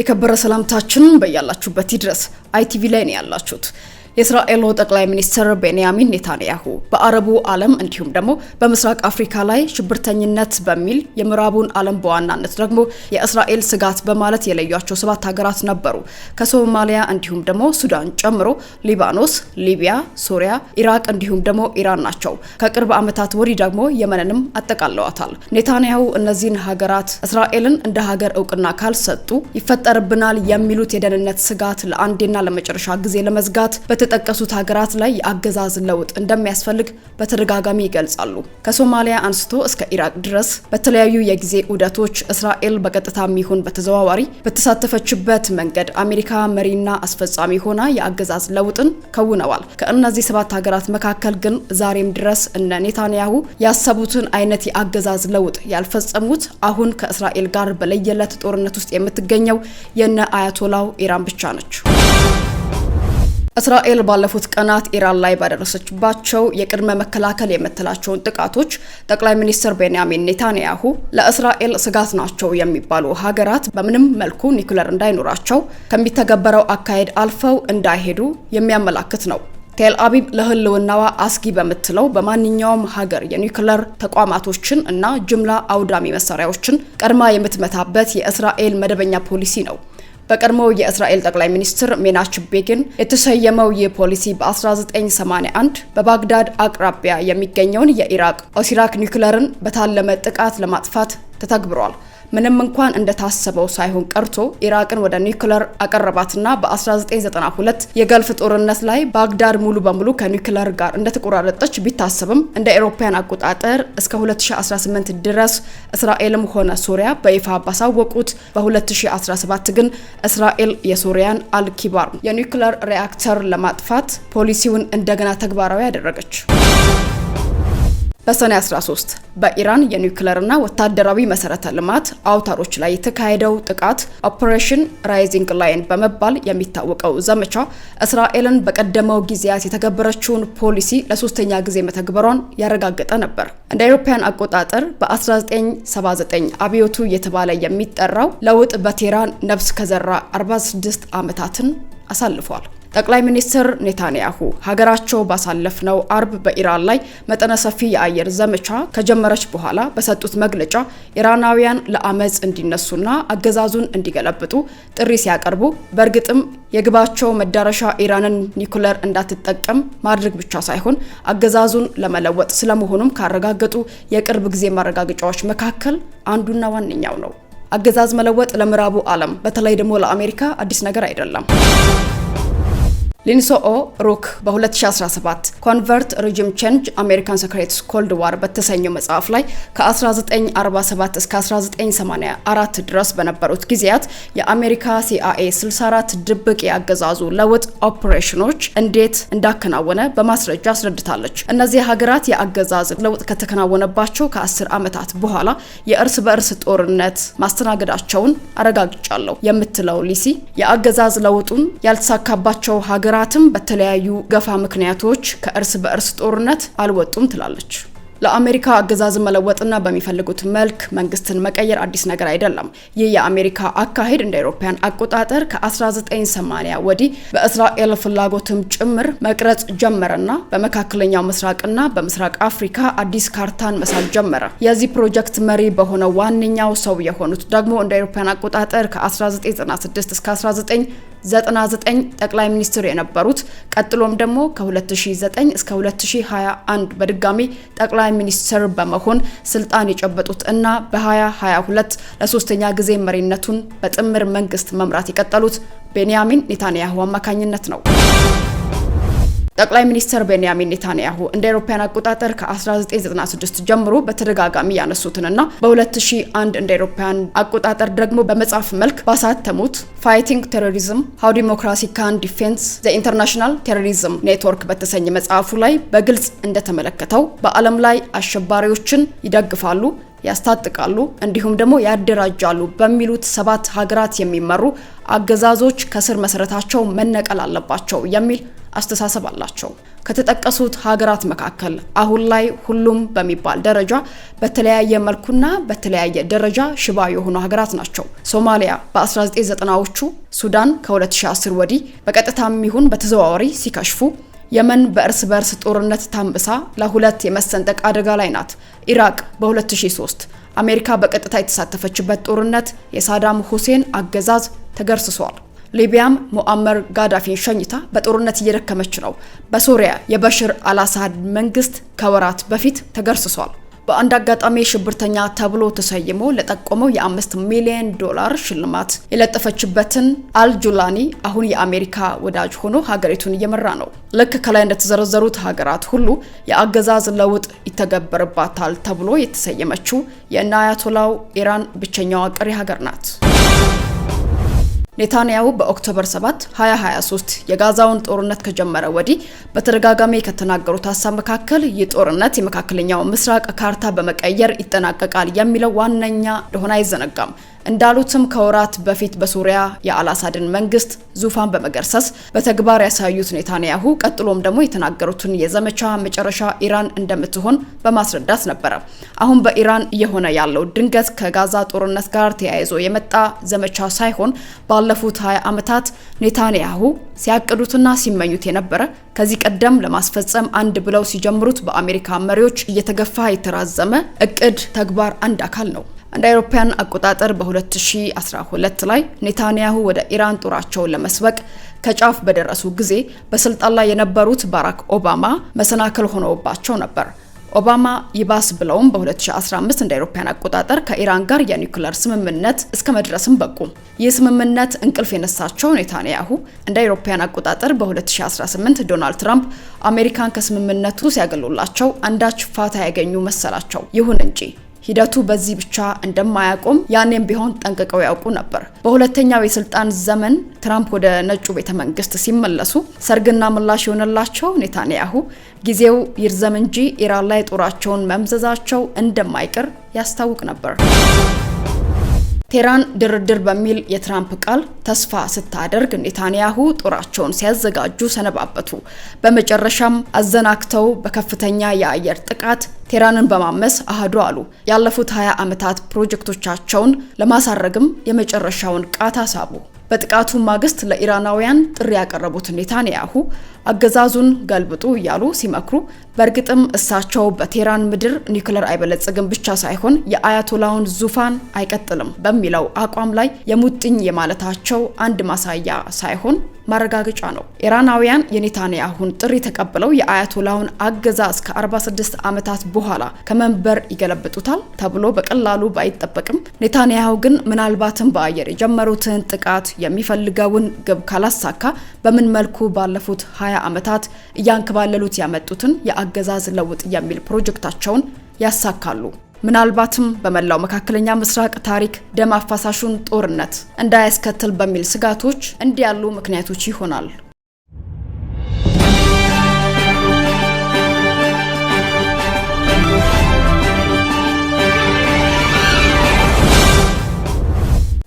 የከበረ ሰላምታችን በያላችሁበት ይድረስ። አይቲቪ ላይ ነው ያላችሁት። የእስራኤሉ ጠቅላይ ሚኒስትር ቤንያሚን ኔታንያሁ በአረቡ ዓለም እንዲሁም ደግሞ በምስራቅ አፍሪካ ላይ ሽብርተኝነት በሚል የምዕራቡን ዓለም በዋናነት ደግሞ የእስራኤል ስጋት በማለት የለዩቸው ሰባት ሀገራት ነበሩ። ከሶማሊያ እንዲሁም ደግሞ ሱዳን ጨምሮ ሊባኖስ፣ ሊቢያ፣ ሱሪያ፣ ኢራቅ እንዲሁም ደግሞ ኢራን ናቸው። ከቅርብ ዓመታት ወዲህ ደግሞ የመንንም አጠቃለዋታል። ኔታንያሁ እነዚህን ሀገራት እስራኤልን እንደ ሀገር እውቅና ካልሰጡ ይፈጠርብናል የሚሉት የደህንነት ስጋት ለአንዴና ለመጨረሻ ጊዜ ለመዝጋት በተጠቀሱት ሀገራት ላይ የአገዛዝ ለውጥ እንደሚያስፈልግ በተደጋጋሚ ይገልጻሉ። ከሶማሊያ አንስቶ እስከ ኢራቅ ድረስ በተለያዩ የጊዜ ውደቶች እስራኤል በቀጥታ የሚሆን በተዘዋዋሪ በተሳተፈችበት መንገድ አሜሪካ መሪና አስፈጻሚ ሆና የአገዛዝ ለውጥን ከውነዋል። ከእነዚህ ሰባት ሀገራት መካከል ግን ዛሬም ድረስ እነ ኔታንያሁ ያሰቡትን አይነት የአገዛዝ ለውጥ ያልፈጸሙት አሁን ከእስራኤል ጋር በለየለት ጦርነት ውስጥ የምትገኘው የነ አያቶላው ኢራን ብቻ ነች። እስራኤል ባለፉት ቀናት ኢራን ላይ ባደረሰችባቸው የቅድመ መከላከል የምትላቸውን ጥቃቶች ጠቅላይ ሚኒስትር ቤንያሚን ኔታንያሁ ለእስራኤል ስጋት ናቸው የሚባሉ ሀገራት በምንም መልኩ ኒኩለር እንዳይኖራቸው ከሚተገበረው አካሄድ አልፈው እንዳይሄዱ የሚያመላክት ነው። ቴል አቢብ ለህልውናዋ አስጊ በምትለው በማንኛውም ሀገር የኒውክለር ተቋማቶችን እና ጅምላ አውዳሚ መሳሪያዎችን ቀድማ የምትመታበት የእስራኤል መደበኛ ፖሊሲ ነው። በቀድሞው የእስራኤል ጠቅላይ ሚኒስትር ሜናች ቤጊን የተሰየመው ይህ ፖሊሲ በ1981 በባግዳድ አቅራቢያ የሚገኘውን የኢራቅ ኦሲራክ ኒውክለርን በታለመ ጥቃት ለማጥፋት ተተግብሯል። ምንም እንኳን እንደታሰበው ሳይሆን ቀርቶ ኢራቅን ወደ ኒውክለር አቀረባትና በ1992 የገልፍ ጦርነት ላይ ባግዳድ ሙሉ በሙሉ ከኒውክለር ጋር እንደተቆራረጠች ቢታሰብም እንደ ኤሮፓያን አቆጣጠር እስከ 2018 ድረስ እስራኤልም ሆነ ሱሪያ በይፋ ባሳወቁት በ2017 ግን እስራኤል የሱሪያን አልኪባር የኒውክለር ሪያክተር ለማጥፋት ፖሊሲውን እንደገና ተግባራዊ አደረገች። በሰኔ 13 በኢራን የኒውክሌርና ወታደራዊ መሰረተ ልማት አውታሮች ላይ የተካሄደው ጥቃት ኦፕሬሽን ራይዚንግ ላይን በመባል የሚታወቀው ዘመቻ እስራኤልን በቀደመው ጊዜያት የተገበረችውን ፖሊሲ ለሶስተኛ ጊዜ መተግበሯን ያረጋገጠ ነበር። እንደ አውሮፓውያን አቆጣጠር በ1979 አብዮቱ እየተባለ የሚጠራው ለውጥ በቴህራን ነፍስ ከዘራ 46 ዓመታትን አሳልፏል። ጠቅላይ ሚኒስትር ኔታንያሁ ሀገራቸው ባሳለፍነው አርብ በኢራን ላይ መጠነ ሰፊ የአየር ዘመቻ ከጀመረች በኋላ በሰጡት መግለጫ ኢራናውያን ለአመፅ እንዲነሱና አገዛዙን እንዲገለብጡ ጥሪ ሲያቀርቡ በእርግጥም የግባቸው መዳረሻ ኢራንን ኒኩለር እንዳትጠቀም ማድረግ ብቻ ሳይሆን አገዛዙን ለመለወጥ ስለመሆኑም ካረጋገጡ የቅርብ ጊዜ ማረጋገጫዎች መካከል አንዱና ዋነኛው ነው። አገዛዝ መለወጥ ለምዕራቡ ዓለም በተለይ ደግሞ ለአሜሪካ አዲስ ነገር አይደለም። ሊንሶኦ ሩክ በ2017 ኮንቨርት ሪጅም ቼንጅ አሜሪካን ሰክሬትስ ኮልድ ዋር በተሰኘው መጽሐፍ ላይ ከ1947 እስከ 1984 ድረስ በነበሩት ጊዜያት የአሜሪካ ሲአይኤ 64 ድብቅ ያገዛዙ ለውጥ ኦፕሬሽኖች እንዴት እንዳከናወነ በማስረጃ አስረድታለች። እነዚህ ሀገራት የአገዛዝ ለውጥ ከተከናወነባቸው ከ10 ዓመታት በኋላ የእርስ በእርስ ጦርነት ማስተናገዳቸውን አረጋግጫለሁ የምትለው ሊሲ የአገዛዝ ለውጡን ያልተሳካባቸው ሀገር ሀገራትም በተለያዩ ገፋ ምክንያቶች ከእርስ በእርስ ጦርነት አልወጡም ትላለች። ለአሜሪካ አገዛዝ መለወጥና በሚፈልጉት መልክ መንግስትን መቀየር አዲስ ነገር አይደለም። ይህ የአሜሪካ አካሄድ እንደ አውሮፓውያን አቆጣጠር ከ1980 ወዲህ በእስራኤል ፍላጎትም ጭምር መቅረጽ ጀመረና በመካከለኛው ምስራቅና በምስራቅ አፍሪካ አዲስ ካርታን መሳል ጀመረ። የዚህ ፕሮጀክት መሪ በሆነው ዋነኛው ሰው የሆኑት ደግሞ እንደ አውሮፓውያን አቆጣጠር ከ1996 እስከ 99 ጠቅላይ ሚኒስትር የነበሩት ቀጥሎም ደግሞ ከ2009 እስከ 2021 በድጋሚ ጠቅላይ ሚኒስትር በመሆን ስልጣን የጨበጡት እና በ2022 ለሶስተኛ ጊዜ መሪነቱን በጥምር መንግስት መምራት የቀጠሉት ቤንያሚን ኔታንያሁ አማካኝነት ነው። ጠቅላይ ሚኒስትር ቤንያሚን ኔታንያሁ እንደ አውሮፓውያን አቆጣጠር ከ1996 ጀምሮ በተደጋጋሚ ያነሱትንና በ2001 እንደ አውሮፓውያን አቆጣጠር ደግሞ በመጽሐፍ መልክ ባሳተሙት ፋይቲንግ ቴሮሪዝም ሀው ዲሞክራሲ ካን ዲፌንስ ዘ ኢንተርናሽናል ቴሮሪዝም ኔትወርክ በተሰኘ መጽሐፉ ላይ በግልጽ እንደተመለከተው በዓለም ላይ አሸባሪዎችን ይደግፋሉ ያስታጥቃሉ እንዲሁም ደግሞ ያደራጃሉ በሚሉት ሰባት ሀገራት የሚመሩ አገዛዞች ከስር መሰረታቸው መነቀል አለባቸው የሚል አስተሳሰብ አላቸው። ከተጠቀሱት ሀገራት መካከል አሁን ላይ ሁሉም በሚባል ደረጃ በተለያየ መልኩና በተለያየ ደረጃ ሽባ የሆኑ ሀገራት ናቸው። ሶማሊያ በ1990ዎቹ፣ ሱዳን ከ2010 ወዲህ በቀጥታም ይሁን በተዘዋዋሪ ሲከሽፉ የመን በእርስ በእርስ ጦርነት ታምሳ ለሁለት የመሰንጠቅ አደጋ ላይ ናት። ኢራቅ በ2003 አሜሪካ በቀጥታ የተሳተፈችበት ጦርነት የሳዳም ሁሴን አገዛዝ ተገርስሷል። ሊቢያም ሙአመር ጋዳፊን ሸኝታ በጦርነት እየደከመች ነው። በሶሪያ የበሽር አልአሳድ መንግስት ከወራት በፊት ተገርስሷል። በአንድ አጋጣሚ ሽብርተኛ ተብሎ ተሰይሞ ለጠቆመው የአምስት ሚሊዮን ዶላር ሽልማት የለጠፈችበትን አልጁላኒ አሁን የአሜሪካ ወዳጅ ሆኖ ሀገሪቱን እየመራ ነው። ልክ ከላይ እንደተዘረዘሩት ሀገራት ሁሉ የአገዛዝ ለውጥ ይተገበርባታል ተብሎ የተሰየመችው የእነ አያቶላው ኢራን ብቸኛዋ ቀሪ ሀገር ናት። ኔታንያሁ በኦክቶበር 7 2023 የጋዛውን ጦርነት ከጀመረ ወዲህ በተደጋጋሚ ከተናገሩት ሀሳብ መካከል ይህ ጦርነት የመካከለኛው ምስራቅ ካርታ በመቀየር ይጠናቀቃል የሚለው ዋነኛ እንደሆነ አይዘነጋም። እንዳሉትም ከወራት በፊት በሱሪያ የአላሳድን መንግስት ዙፋን በመገርሰስ በተግባር ያሳዩት ኔታንያሁ ቀጥሎም ደግሞ የተናገሩትን የዘመቻ መጨረሻ ኢራን እንደምትሆን በማስረዳት ነበረ። አሁን በኢራን እየሆነ ያለው ድንገት ከጋዛ ጦርነት ጋር ተያይዞ የመጣ ዘመቻ ሳይሆን ባለፉት 20 ዓመታት ኔታንያሁ ሲያቅዱትና ሲመኙት የነበረ ከዚህ ቀደም ለማስፈጸም አንድ ብለው ሲጀምሩት በአሜሪካ መሪዎች እየተገፋ የተራዘመ እቅድ ተግባር አንድ አካል ነው። እንደ አውሮፓውያን አቆጣጠር በ2012 ላይ ኔታንያሁ ወደ ኢራን ጦራቸውን ለመስበቅ ከጫፍ በደረሱ ጊዜ በስልጣን ላይ የነበሩት ባራክ ኦባማ መሰናክል ሆነውባቸው ነበር። ኦባማ ይባስ ብለውም በ2015 እንደ አውሮፓውያን አቆጣጠር ከኢራን ጋር የኒውክሌር ስምምነት እስከ መድረስም በቁ። ይህ ስምምነት እንቅልፍ የነሳቸው ኔታንያሁ እንደ አውሮፓውያን አቆጣጠር በ2018 ዶናልድ ትራምፕ አሜሪካን ከስምምነቱ ሲያገሉላቸው አንዳች ፋታ ያገኙ መሰላቸው። ይሁን እንጂ ሂደቱ በዚህ ብቻ እንደማያቆም ያኔም ቢሆን ጠንቅቀው ያውቁ ነበር። በሁለተኛው የስልጣን ዘመን ትራምፕ ወደ ነጩ ቤተ መንግስት ሲመለሱ ሰርግና ምላሽ የሆነላቸው ኔታንያሁ ጊዜው ይርዘም እንጂ ኢራን ላይ ጦራቸውን መምዘዛቸው እንደማይቀር ያስታውቅ ነበር። ቴራን ድርድር በሚል የትራምፕ ቃል ተስፋ ስታደርግ ኔታንያሁ ጦራቸውን ሲያዘጋጁ ሰነባበቱ። በመጨረሻም አዘናግተው በከፍተኛ የአየር ጥቃት ቴራንን በማመስ አህዱ አሉ። ያለፉት 20 ዓመታት ፕሮጀክቶቻቸውን ለማሳረግም የመጨረሻውን ቃታ ሳቡ። በጥቃቱ ማግስት ለኢራናውያን ጥሪ ያቀረቡት ኔታንያሁ አገዛዙን ገልብጡ እያሉ ሲመክሩ በእርግጥም እሳቸው በቴህራን ምድር ኒውክለር አይበለጽግም ብቻ ሳይሆን የአያቶላውን ዙፋን አይቀጥልም በሚለው አቋም ላይ የሙጥኝ የማለታቸው አንድ ማሳያ ሳይሆን ማረጋገጫ ነው። ኢራናውያን የኔታንያሁን ጥሪ ተቀብለው የአያቶላውን አገዛዝ ከ46 ዓመታት በኋላ ከመንበር ይገለብጡታል ተብሎ በቀላሉ ባይጠበቅም ኔታንያሁ ግን ምናልባትም በአየር የጀመሩትን ጥቃት የሚፈልገውን ግብ ካላሳካ በምን መልኩ ባለፉት 20 ዓመታት እያንከባለሉት ያመጡትን የአገዛዝ ለውጥ የሚል ፕሮጀክታቸውን ያሳካሉ። ምናልባትም በመላው መካከለኛ ምስራቅ ታሪክ ደም አፋሳሹን ጦርነት እንዳያስከትል በሚል ስጋቶች እንዲያሉ ምክንያቶች ይሆናል።